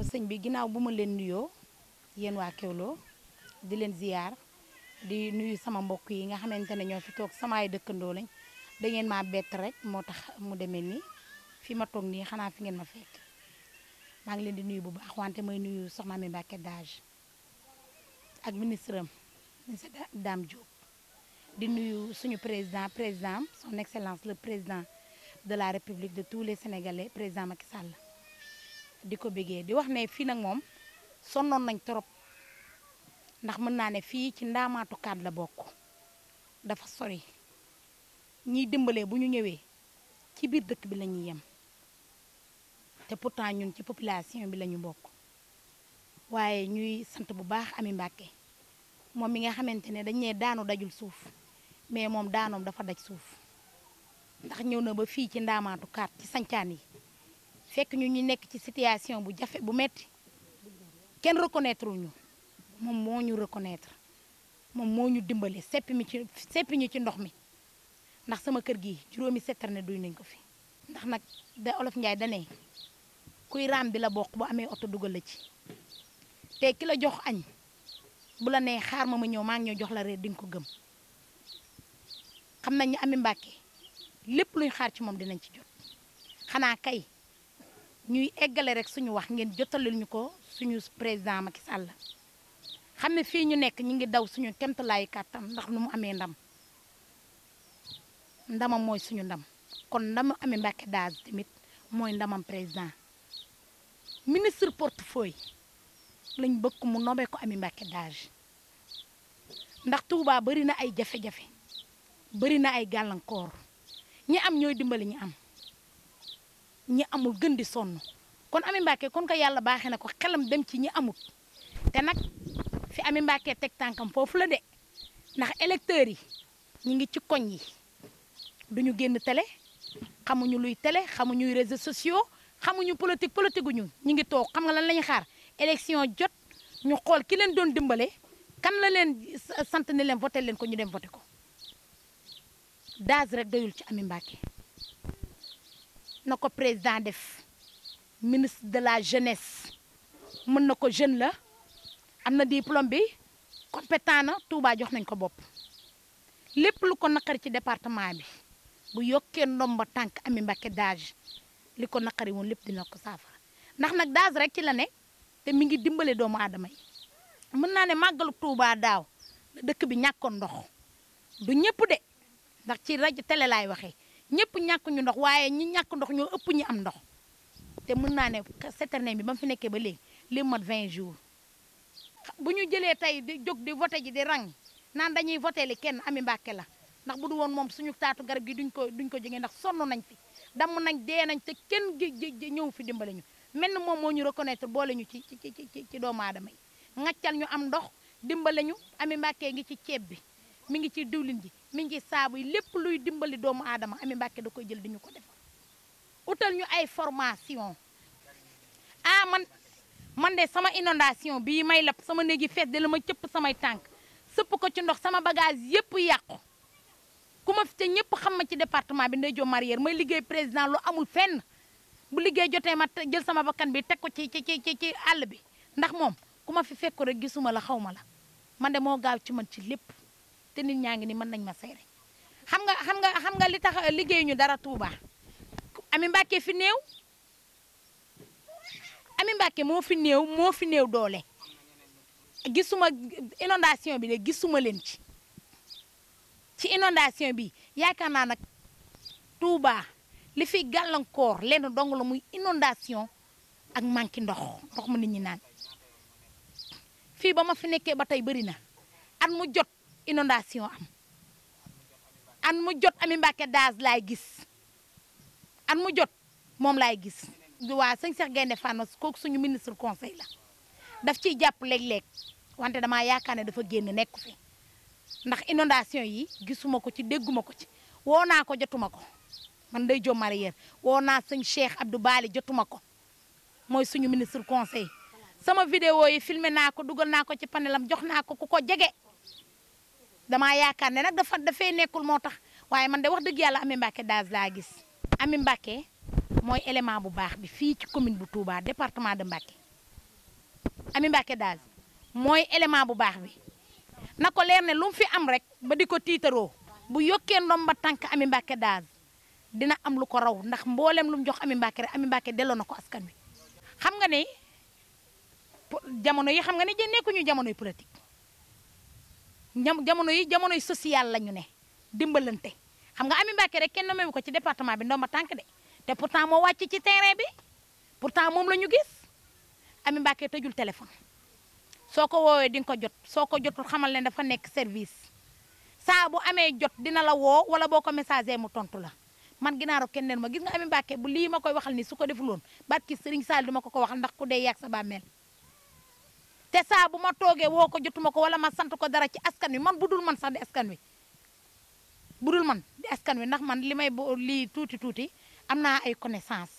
waaw sëñ bi ginaaw buma len nuyo yeen wa kewlo di len ziar di nuyu sama mbokk yi nga xamantene ne ñoo fi toog samaay dëkkandoo lañ da ngeen ma bet rek motax mu demee ni fi ma tok ni xana fi ngeen ma fekk ma ngi len di nuyu bu baax wante may nuyu soxna mi Mbacke Dage ak ministre ministre Dame Diop di nuyu suñu président président son excellence le président de la république de tous les sénégalais président Macky Sall. di ko bëggee di wax ne fii nag moom sonnoon nañ trop ndax mën naa ne fii ci ndaamaatu kaat la bokk dafa sori ñiy dimbalee bu ñu ñëwee ci biir dëkk bi la yem te pourtant ñun ci population bi la ñu bokk waaye ñuy sant bu baax Ami Mbàkke moom mi nga xamante ne dañ ne daanu dajul suuf mais moom daanoom dafa daj suuf ndax ñëw na ba fii ci ndaamaatu kaat ci sancaan yi fekk ñu ñu nekk ci situation bu jafe bu metti kenn reconnaître ñu moom moo ñu reconnaître moom moo ñu dimbale seppi ci ñu ci ndox mi ndax sama kër gi juróomi citerne duy nañ ko fi ndax nag da olof Njaay dane kuy raam la bokk bu amee oto dugal la ci te ki la jox añ bu la nee xaar ma ma ñëw maa ngi ñëw jox la reer di ko gëm xam nañ ñu ami Mbàkke lépp luy xaar ci moom dinañ ci jot xanaa kay ñuy eggale rek suñu wax ngeen jotalil ko suñu président Macky Sall xam ne fii ñu nekk ñu ngi daw suñu kemtalaay kàttan ndax nu mu amee ndam ndamam mooy suñu ndam kon ndamu amee Mbacké Daaz tamit mooy ndamam président ministre portefeuille lañ bëgg mu nomee ko ami Mbacké Daaz ndax tuubaa bari na ay jafe-jafe bari na ay gàllankoor ñi am ñooy dimbali ñi am ñi amul gën di sonn kon ami Mbacké kon ko yàlla baaxe na ko xelam dem ci ñi amul te nag fi Amy Mbacké teg tànkam foofu la de ndax électeurs yi ñi ngi ci koñ yi duñu génn tele xamuñu luy télé xamuñuy réseaux sociaux xamuñu politique politique ñu ñu ngi toog xam nga lan lañu xaar élection jot ñu xool ki leen doon dimbale kan la leen sant ne leen voté leen ko ñu dem voté ko daas rek doyul ci ami Mbacké na ko président def ministre de la jeunesse mën na ko jeune la am na diplôme bi compétent na Touba jox nañ ko bopp lépp lu ko naqari ci département bi bu yokkee ndomba tànk ami Mbacké Daje li ko naqari woon lépp dina ko saafara ndax nag Daje rek ci la ne te mi ngi dimbale doomu aadama yi mën naa ne màggalu Touba daaw la dëkk bi ñàkkoon ndox du ñëpp de ndax ci rajo télé laay waxee ñëpp ñàkk ñu ndox waaye ñi ñàkk ndox ñoo ëpp ñu am ndox te mën naa ne citerne bi ba mu fi nekkee ba léegi li mat 20 jours bu ñu jëlee tey di jóg di voté ji di rang naan dañuy voté li kenn ami Mbacké la ndax bu du woon moom suñu taatu garab gi duñ ko duñ ko jógee ndax sonn nañ fi damm nañ dee nañ te kenn gi ñëw fi dimbale ñu mel na moom moo ñu reconnaître boole ñu ci ci ci ci doomu aadama yi ngaccal ñu am ndox dimbale ñu ami Mbacké ngi ci ceeb bi mi ngi ci diwlin ji mi ngi saabu yi lépp luy dimbali doomu aadama Amy Mbacké da koy jël di ñu ko defal utal ñu ay formation ah man man de sama inondation bii may lab sama néegi fees de la ma cëpp samay tànk sëpp ko ci ndox sama bagage yëpp yàqu ku ma fi te ñëpp xam ma ci département bi Ndeye Diop Marière may liggéey président lu amul fenn bu liggéey jotee ma jël sama bakkan bi teg ko ci ci ci ci àll bi ndax moom ku ma fi fekk rek gisuma la xaw ma la man de moo gaaw ci man ci lépp te nit ñaa ngi ni mën nañ ma seere xam nga xam nga xam nga li tax euh, liggéey ñu dara Touba Amy Mbacké fi néew Amy Mbacké moo fi néew moo fi néew doole gisuma inondation bi de gisuma leen ci ci inondation bi yaakaar naa nag Touba li fi gàllankoor lenn dong la muy inondation ak manqué ndox ndox mu ni ñi naan fii ba ma fi nekkee ba tey bëri na mu jot inondation am an mu jot ami Mbàkke daas laay gis an mu jot moom laay gis waa sëñ Cheikh Gaynde Fatma kooku suñu ministre conseil la daf ciy jàpp lek léeg wante dama yaakaar ne dafa génn nekk fi ndax inondation yi gisuma ko ci dégguma ko ci woo naa ko jotuma ko man day jom marier woo naa sëñ Cheikh Abdou Bali jotuma ko mooy suñu ministre conseil sama vidéo yi filmé naa ko dugal naa ko ci panelam jox naa ko ku ko jege damaa yaakaar ne nag dafa dafay nekkul moo tax waaye man de wax dëgg yàlla ami Mbacké Daas laa gis ami Mbacké mooy élément bu baax bi fii ci commune bu Touba département de Mbacké Amy Mbacké Daas mooy élément bu baax bi na ko leer ne lu mu fi am rek ba di ko tiitaroo bu yokkee ba tànk ami Mbacké Daas dina am lu ko raw ndax mboolem lu mu jox ami Mbacké rek Amy Mbacké delloo na ko askan wi xam nga ne jamono yi xam nga ne nekkuñu jamonoy politique. ñam jamono yi jamono yi social la ñu ne dimbalante xam nga Amy Mbacké rek kenn nommewu ko ci département bi ma tànk de te pourtant moo wàcc ci terrain bi pourtant moom la ñu gis ami Mbacké tëjul téléphone soo ko woowee di nga ko jot soo ko jotul xamal ne dafa nekk service saa bu amee jot dina la woo wala boo ko messager mu tontu la man ginaaru kenn leen ma gis nga Amy Mbacké bu lii ma koy waxal ni su ko defuloon barki Serigne Sall ma ko ko waxal ndax ku dee yàgg sa bàmmeel te saa bu ma toogee woo ko jotuma ko wala ma sant ko dara ci askan wi man bu dul man sax di askan wi bu dul man di askan wi ndax man li may bo lii tuuti tuuti am naa ay connaissance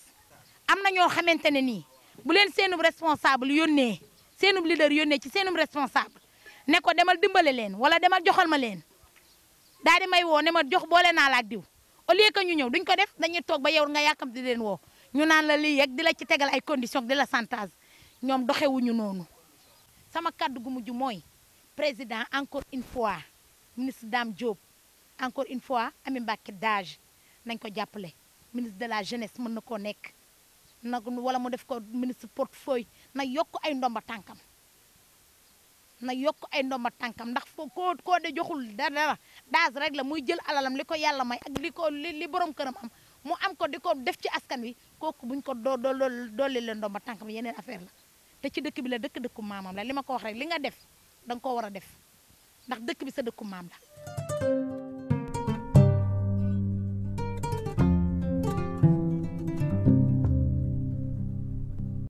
am na ñoo xamante ne nii bu leen seenum responsable yónnee seenum leader yónnee ci seenum responsable ne ko demal dimbale leen wala demal joxal ma leen daal di may woo ne ma jox boole naa la ak diw au lieu que ñu ñëw duñ ko def dañuy toog ba yow nga yàkkam di leen woo ñu naan la lii yegg di la ci tegal ay conditions di la ñoom doxewuñu noonu sama kaddu gu mujj mooy président encore une fois ministre Dame diob encore une fois ami Mbacké Dage nañ ko jàppale ministre de la jeunesse mën na koo nekk na wala mu def ko ministre portefeuille na yokk ay ndomba tànkam na yokk ay ndomba tànkam ndax foo koo koo de joxul dara daas rek la muy jël alalam li ko yàlla may ak li ko li borom këram am mu am ko di ko def ci askan wi kooku buñ ko do do dolli leen ndomba tànkam yeneen affaire la te ci dëkk bi la dëkk dëkku maamam la li ma ko wax rek li nga def da nga koo war a def ndax dëkk bi sa dëkku la